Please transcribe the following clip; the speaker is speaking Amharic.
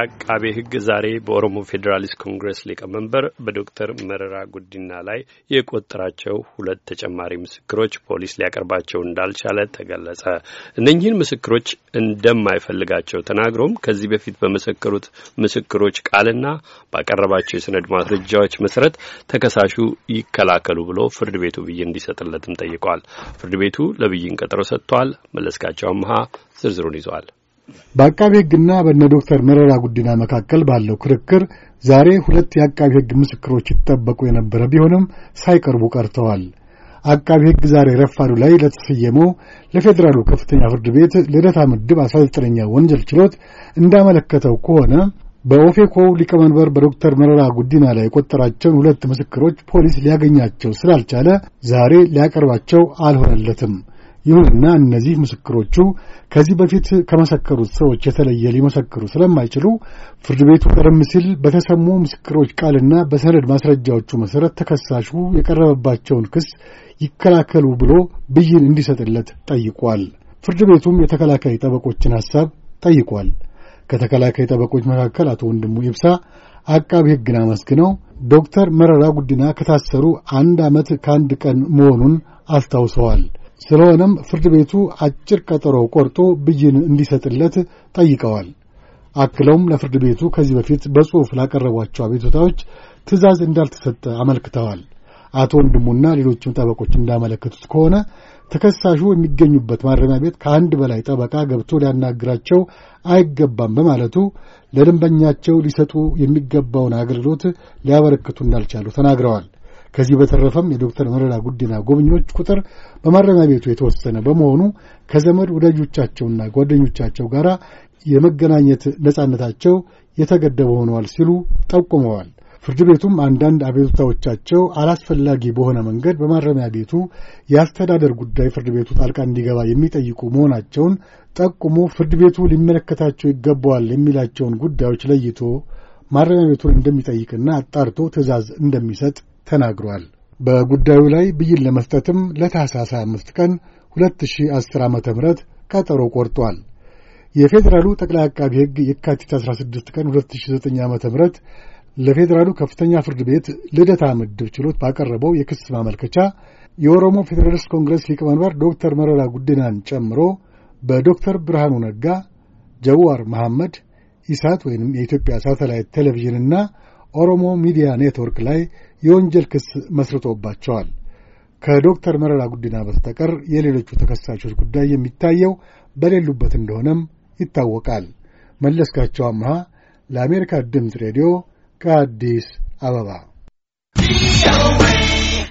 አቃቤ ሕግ ዛሬ በኦሮሞ ፌዴራሊስት ኮንግረስ ሊቀመንበር በዶክተር መረራ ጉዲና ላይ የቆጠራቸው ሁለት ተጨማሪ ምስክሮች ፖሊስ ሊያቀርባቸው እንዳልቻለ ተገለጸ። እነኚህን ምስክሮች እንደማይፈልጋቸው ተናግሮም ከዚህ በፊት በመሰከሩት ምስክሮች ቃልና ባቀረባቸው የሰነድ ማስረጃዎች መሰረት ተከሳሹ ይከላከሉ ብሎ ፍርድ ቤቱ ብይን እንዲሰጥለትም ጠይቋል። ፍርድ ቤቱ ለብይን ቀጠሮ ሰጥቷል። መለስካቸው አምሃ ዝርዝሩን ይዟል። በአቃቢ ሕግና በነ ዶክተር መረራ ጉዲና መካከል ባለው ክርክር ዛሬ ሁለት የአቃቢ ሕግ ምስክሮች ይጠበቁ የነበረ ቢሆንም ሳይቀርቡ ቀርተዋል። አቃቢ ሕግ ዛሬ ረፋዱ ላይ ለተሰየመው ለፌዴራሉ ከፍተኛ ፍርድ ቤት ልደታ ምድብ 19ኛ ወንጀል ችሎት እንዳመለከተው ከሆነ በኦፌኮው ሊቀመንበር በዶክተር መረራ ጉዲና ላይ የቆጠራቸውን ሁለት ምስክሮች ፖሊስ ሊያገኛቸው ስላልቻለ ዛሬ ሊያቀርባቸው አልሆነለትም። ይሁንና እነዚህ ምስክሮቹ ከዚህ በፊት ከመሰከሩት ሰዎች የተለየ ሊመሰክሩ ስለማይችሉ ፍርድ ቤቱ ቀደም ሲል በተሰሙ ምስክሮች ቃልና በሰነድ ማስረጃዎቹ መሠረት ተከሳሹ የቀረበባቸውን ክስ ይከላከሉ ብሎ ብይን እንዲሰጥለት ጠይቋል። ፍርድ ቤቱም የተከላካይ ጠበቆችን ሐሳብ ጠይቋል። ከተከላካይ ጠበቆች መካከል አቶ ወንድሙ ይብሳ አቃቢ ሕግን አመስግነው ዶክተር መረራ ጉዲና ከታሰሩ አንድ ዓመት ከአንድ ቀን መሆኑን አስታውሰዋል። ስለሆነም ፍርድ ቤቱ አጭር ቀጠሮ ቆርጦ ብይን እንዲሰጥለት ጠይቀዋል። አክለውም ለፍርድ ቤቱ ከዚህ በፊት በጽሑፍ ላቀረቧቸው አቤቱታዎች ትዕዛዝ እንዳልተሰጠ አመልክተዋል። አቶ ወንድሙና ሌሎችም ጠበቆች እንዳመለከቱት ከሆነ ተከሳሹ የሚገኙበት ማረሚያ ቤት ከአንድ በላይ ጠበቃ ገብቶ ሊያናግራቸው አይገባም በማለቱ ለደንበኛቸው ሊሰጡ የሚገባውን አገልግሎት ሊያበረክቱ እንዳልቻሉ ተናግረዋል። ከዚህ በተረፈም የዶክተር መረራ ጉዲና ጎብኚዎች ቁጥር በማረሚያ ቤቱ የተወሰነ በመሆኑ ከዘመድ ወዳጆቻቸውና ጓደኞቻቸው ጋር የመገናኘት ነጻነታቸው የተገደበ ሆነዋል ሲሉ ጠቁመዋል። ፍርድ ቤቱም አንዳንድ አቤቱታዎቻቸው አላስፈላጊ በሆነ መንገድ በማረሚያ ቤቱ የአስተዳደር ጉዳይ ፍርድ ቤቱ ጣልቃ እንዲገባ የሚጠይቁ መሆናቸውን ጠቁሞ ፍርድ ቤቱ ሊመለከታቸው ይገባዋል የሚላቸውን ጉዳዮች ለይቶ ማረሚያ ቤቱን እንደሚጠይቅና አጣርቶ ትዕዛዝ እንደሚሰጥ ተናግሯል። በጉዳዩ ላይ ብይን ለመስጠትም ለታህሳስ 25 ቀን 2010 ዓ ም ቀጠሮ ቆርጧል። የፌዴራሉ ጠቅላይ አቃቢ ሕግ የካቲት 16 ቀን 2009 ዓ ም ለፌዴራሉ ከፍተኛ ፍርድ ቤት ልደታ ምድብ ችሎት ባቀረበው የክስ ማመልከቻ የኦሮሞ ፌዴራሊስት ኮንግረስ ሊቀመንበር ዶክተር መረራ ጉዲናን ጨምሮ በዶክተር ብርሃኑ ነጋ፣ ጀዋር መሐመድ፣ ኢሳት ወይም የኢትዮጵያ ሳተላይት ቴሌቪዥንና ኦሮሞ ሚዲያ ኔትወርክ ላይ የወንጀል ክስ መስርቶባቸዋል። ከዶክተር መረራ ጉዲና በስተቀር የሌሎቹ ተከሳሾች ጉዳይ የሚታየው በሌሉበት እንደሆነም ይታወቃል። መለስካቸው አምሃ ለአሜሪካ ድምፅ ሬዲዮ ከአዲስ አበባ